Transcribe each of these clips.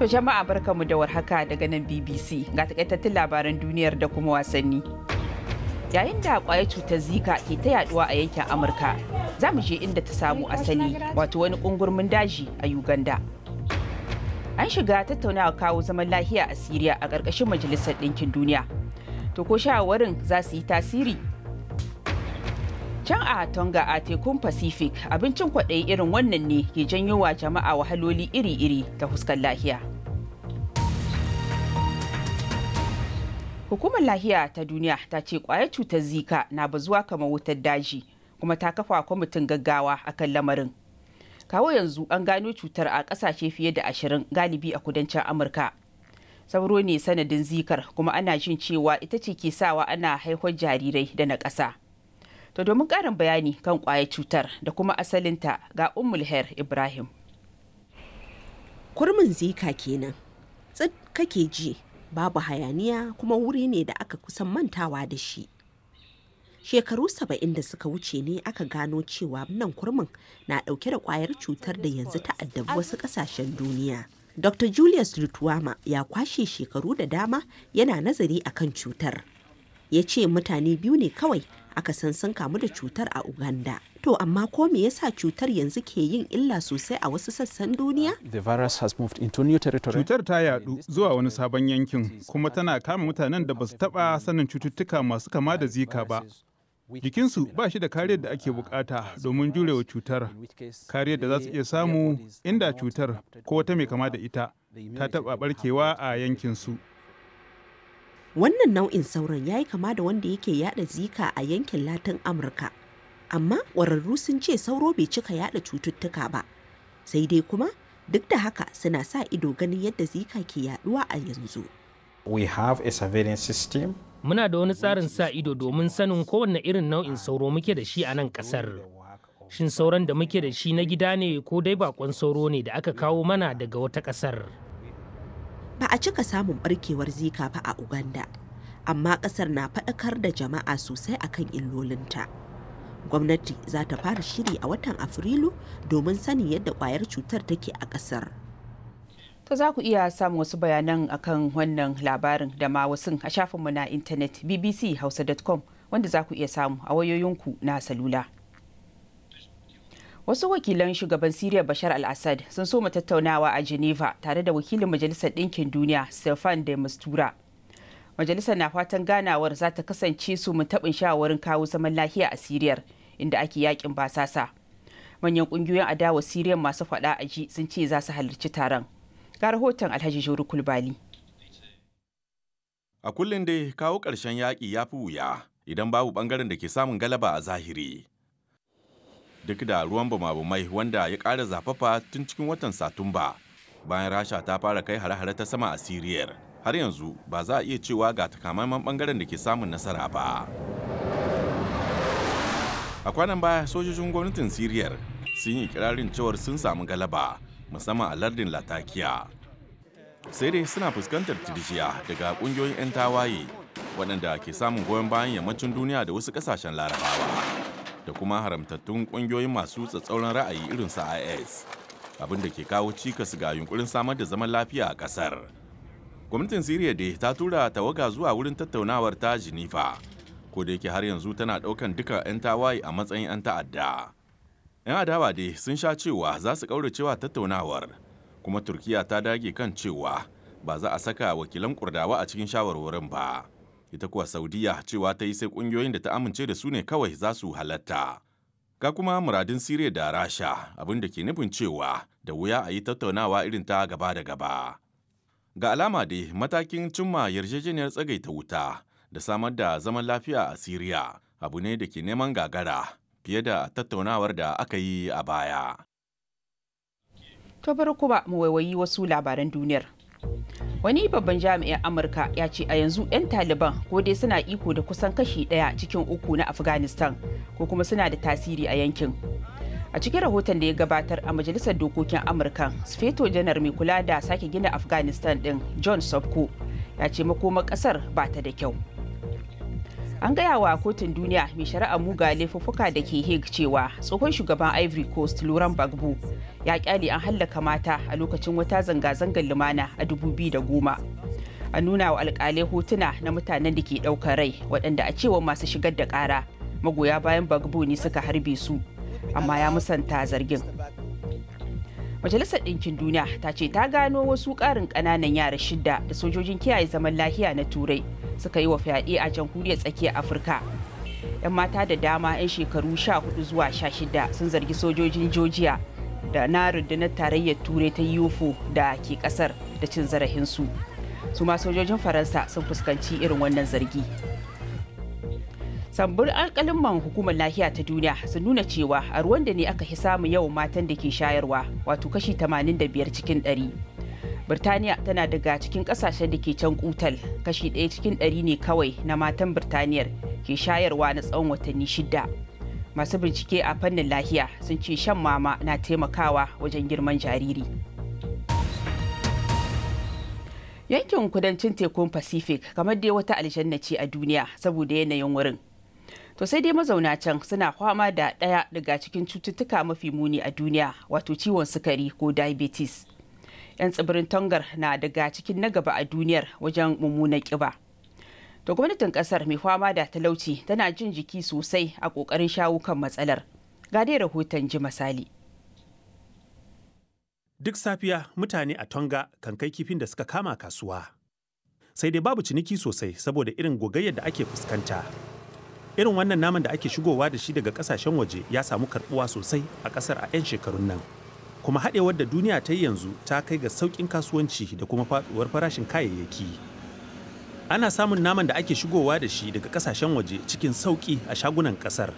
To jama'a barkamu da warhaka daga nan BBC ga takaitattun labaran duniyar da kuma wasanni. Yayin da kwayar cutar Zika ke ta yaduwa a yankin Amurka, za mu je inda ta samu asali wato wani kungurmin daji a Uganda. An shiga tattaunawa kawo zaman lafiya a Siriya a ƙarƙashin Majalisar Ɗinkin Duniya. To ko shawarwarin za su yi tasiri? Can a Tonga a tekun Pacific abincin kwaɗayi irin wannan ne ke janyo wa jama'a wahaloli iri-iri ta fuskar lahiya. Hukumar lahiya ta duniya ta ce kwayar cutar zika na bazuwa kamar wutar daji kuma ta kafa kwamitin gaggawa akan lamarin. Kawo yanzu an gano cutar a ƙasashe fiye da ashirin galibi a kudancin Amurka. Sauro ne sanadin zikar kuma ana jin cewa ita ce ke sawa ana haihuwar jarirai da na ƙasa. To domin ƙarin bayani kan kwayar cutar da kuma asalinta ga Ummul Ibrahim. Kurmin zika kenan. Tsid kake ji babu hayaniya kuma wuri ne da aka kusan mantawa da shi shekaru saba'in da suka wuce ne aka gano cewa nan kurmin na ɗauke da kwayar cutar da yanzu ta addabi wasu ƙasashen duniya dr julius lutuwama ya kwashe shekaru da dama yana nazari akan cutar ya ce mutane biyu ne kawai aka san sun kamu da cutar a Uganda. To amma ko me yasa cutar yanzu ke yin illa sosai a wasu sassan duniya? Cutar ta yadu zuwa wani sabon yankin kuma tana kama mutanen da ba su taba sanin cututtuka masu kama da zika ba. Jikinsu ba shi da kariyar da ake bukata domin jurewa cutar, kariyar da za su iya samu inda cutar ko wata mai kama da ita ta taba barkewa a yankinsu. wannan nau'in sauran ya yi kama da wanda yake yada zika a yankin latin amurka amma ƙwararru sun ce sauro bai cika yada cututtuka ba sai dai kuma duk da haka suna sa ido ganin yadda zika ke yaduwa a yanzu we have a surveillance system muna da wani tsarin sa ido domin sanin kowane irin nau'in sauro muke da shi a nan kasar shin sauran da muke da shi na gida ne ko dai bakon sauro ne da aka kawo mana daga wata kasar ba a cika samun barkewar zika fa a Uganda, amma ƙasar na faɗakar da jama'a sosai akan illolinta. Gwamnati za ta fara shiri a watan Afrilu domin sanin yadda kwayar cutar take a ƙasar. To za ku iya samun wasu bayanan akan wannan labarin da ma wasu a shafinmu na intanet bbchausa.com wanda za ku iya samu a wayoyinku na salula. Wasu wakilan shugaban Siriya Bashar al-Assad sun so tattaunawa a Geneva tare da wakilin Majalisar Ɗinkin Duniya Stefan de Mistura. Majalisar na fatan ganawar za ta kasance su mu taɓin shawarin kawo zaman lafiya a Siriyar inda ake yakin basasa. Manyan ƙungiyoyin adawa Siriyar masu faɗa a ji sun ce za su halarci taron. Ga rahoton Alhaji Joru Kulbali. A kullum dai kawo ƙarshen yaƙi ya fi wuya idan babu ɓangaren da ke samun galaba a zahiri. duk da ruwan bumabumai wanda ya ƙara zafafa tun cikin watan satumba bayan rasha ta fara kai hare-hare ta sama a siriyar har yanzu ba za a iya cewa ga takamaiman bangaren da ke samun nasara ba a kwanan baya sojojin gwamnatin siriyar sun yi kirarin cewar sun samu galaba musamman a lardin latakiya sai dai suna fuskantar tirjiya daga kungiyoyin 'yan tawaye waɗanda ke samun goyon bayan yammacin duniya da wasu ƙasashen larabawa da kuma haramtattun ƙungiyoyin masu tsatsauran ra'ayi irin su is abin da ke kawo cikas ga yunkurin samar da zaman lafiya a kasar. gwamnatin siriya dai ta tura tawaga zuwa wurin tattaunawar ta jinifa ko da yake har yanzu tana ɗaukan duka 'yan tawaye a matsayin 'yan ta'adda 'yan adawa dai sun sha cewa za su kauracewa tattaunawar kuma turkiya ta dage kan cewa ba za a saka wakilan kurdawa a cikin shawarwarin ba. ita kuwa saudiya cewa ta yi sai kungiyoyin da ta amince da su ne kawai za su halatta ga kuma muradin siriya da rasha abin da ke nufin cewa da wuya a yi tattaunawa irin ta gaba da gaba ga alama dai matakin cimma yarjejeniyar tsagaita wuta da samar da zaman lafiya a siriya abu ne da ke neman gagara fiye da tattaunawar da aka yi a baya to bari kuma mu waiwayi wasu labaran duniyar wani babban jami'in amurka ya ce a yanzu 'yan taliban ko dai suna iko da kusan kashi daya cikin uku na afghanistan ko kuma suna da tasiri a yankin a cikin rahoton da ya gabatar a majalisar dokokin amurka sufeto janar mai kula da sake gina afghanistan din john sabko ya ce makomar kasar ba ta da kyau an gaya wa kotun duniya mai shari'a muga laifuka da ke hague cewa tsohon shugaban ivory coast laurent gbagbo ya kyale an hallaka mata a lokacin wata zanga-zangar lumana a 2010 a nuna wa alkalai hotuna na mutanen da ke ɗaukar rai waɗanda a cewa masu shigar da ƙara magoya bayan gbagbo ne suka harbe su amma ya musanta zargin Majalisar Ɗinkin Duniya ta ce ta gano wasu ƙarin ƙananan yara shida da sojojin kiyaye zaman lahiya na Turai suka yi wa fyaɗe a jamhuriyar tsakiyar Afirka. 'Yan mata da dama 'yan shekaru sha hudu zuwa sha 16 sun zargi sojojin Georgia da na rundunar tarayyar Turai ta UFO da ke ƙasar da cin zarafinsu. Su ma sojojin Faransa sun fuskanci irin wannan zargi. sambur alkalin hukumar lafiya ta duniya sun nuna cewa a ruwan da ne aka fi samu yau matan da ke shayarwa wato kashi 85 cikin 100 birtaniya tana daga cikin kasashen da ke can kutal kashi 1 cikin 100 ne kawai na matan birtaniyar ke shayarwa na tsawon watanni shida masu bincike a fannin lahiya sun ce shan mama na taimakawa wajen girman jariri yankin kudancin tekun pacific kamar dai wata aljanna ce a duniya saboda yanayin wurin To sai dai mazauna can suna fama da ɗaya daga cikin cututtuka mafi muni a duniya wato ciwon sukari ko diabetes. 'Yan tsibirin Tongar na daga cikin na gaba a duniyar wajen mummunan ƙiba. To gwamnatin ƙasar mai fama da talauci tana jin jiki sosai a ƙoƙarin shawo kan matsalar. Ga dai rahoton ji misali. Duk safiya mutane a Tonga kan kai kifin da suka kama kasuwa. Sai dai babu ciniki sosai saboda irin gogayyar da ake fuskanta. irin wannan naman da ake shigowa da shi daga kasashen waje ya samu karbuwa sosai a kasar a 'yan shekarun nan kuma haɗewar da duniya ta yi yanzu ta kai ga sauƙin kasuwanci da kuma faɗuwar farashin kayayyaki ana samun naman da ake shigowa da shi daga kasashen waje cikin sauƙi a shagunan ƙasar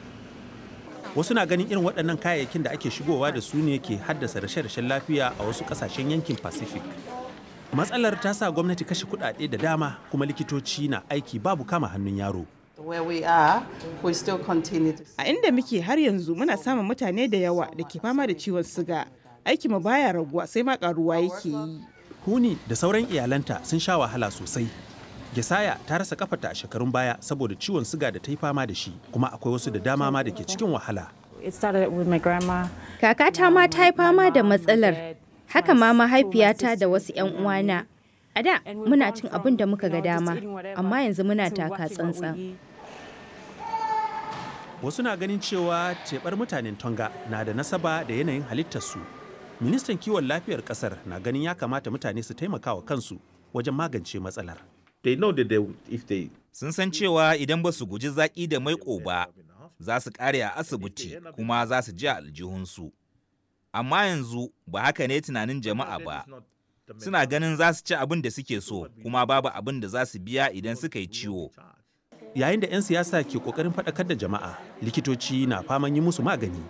wasu na ganin irin waɗannan kayayyakin da ake shigowa da su ne ke haddasa rashe-rashen lafiya a wasu ƙasashen yankin pacific matsalar ta sa gwamnati kashe kuɗaɗe da dama kuma likitoci na aiki babu kama hannun yaro A inda muke har yanzu muna samun mutane da yawa da ke fama da ciwon siga. Aikinmu baya raguwa sai ma karuwa yake yi. Huni da sauran iyalanta sun sha wahala sosai. Gesaya ta rasa kafata a shekarun baya saboda ciwon siga da ta yi fama da shi kuma akwai wasu da dama ma da ke cikin wahala. Kakata ma ta yi fama da matsalar, haka ma mahaifiyata da wasu 'yan uwana. A da muna cin abin da muka ga dama, amma yanzu muna taka tsantsan. wasu na ganin cewa teɓar mutanen tonga na da nasaba da yanayin halittarsu ministan kiwon lafiyar kasar na ganin ya kamata mutane su taimaka wa kansu wajen magance matsalar sun san cewa idan ba su guji zaƙi da maiƙo ba za su ƙare a asibiti kuma za su ji a aljihunsu amma yanzu ba haka ne tunanin jama'a ba suna ganin za su ci abin da suke so kuma babu abin da za su biya idan suka yi ciwo yayin da 'yan siyasa ke kokarin faɗakar da jama'a likitoci na faman yi musu magani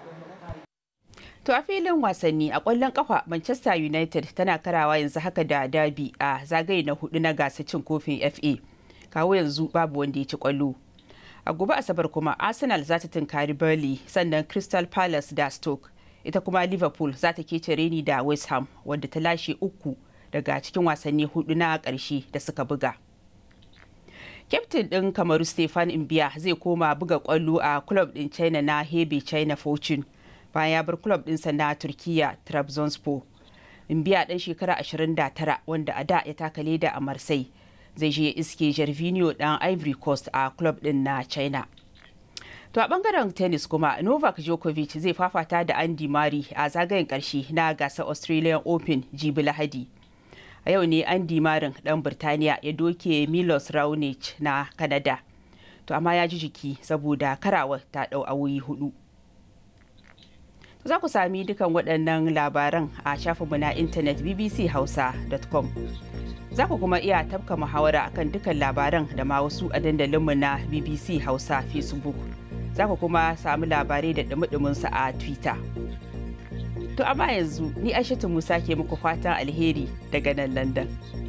to a filin wasanni a ƙwallon ƙafa manchester united tana karawa yanzu haka da dabi a zagaye na hudu na gasar cin kofin fa kawo yanzu babu wanda ya ci kwallo a gobe asabar kuma arsenal za ta tunkari burnley sannan crystal palace da stoke ita kuma liverpool za ta kece reni da west ham wadda ta lashe uku daga cikin wasanni hudu na ƙarshe da suka buga. kyaftin ɗin kamaru stefan imbiya zai koma buga kwallo a kulob ɗin china na hebe china fortune bayan ya bar kulob ɗinsa na turkiyya trabzonspor imbiya ɗan shekara 29 wanda a da ya taka leda a marseille zai je iske jarvinio ɗan ivory coast a kulob ɗin na china to a bangaren tennis kuma novak djokovic zai fafata da andy mari a zagayen karshe na gasar australian open jibi lahadi a yau ne andy marin dan birtaniya ya doke milos raonic na kanada to amma ya ji jiki saboda karawar ta dau wuyi hudu za ku sami dukan waɗannan labaran a shafinmu na intanet bbchausa.com za ku kuma iya tafka muhawara akan dukan labaran da ma wasu a dandalinmu na bbc hausa facebook za ku kuma sami labarai da dumi a twitter To amma yanzu ni Aishatu Musa ke muku fatan alheri daga nan London.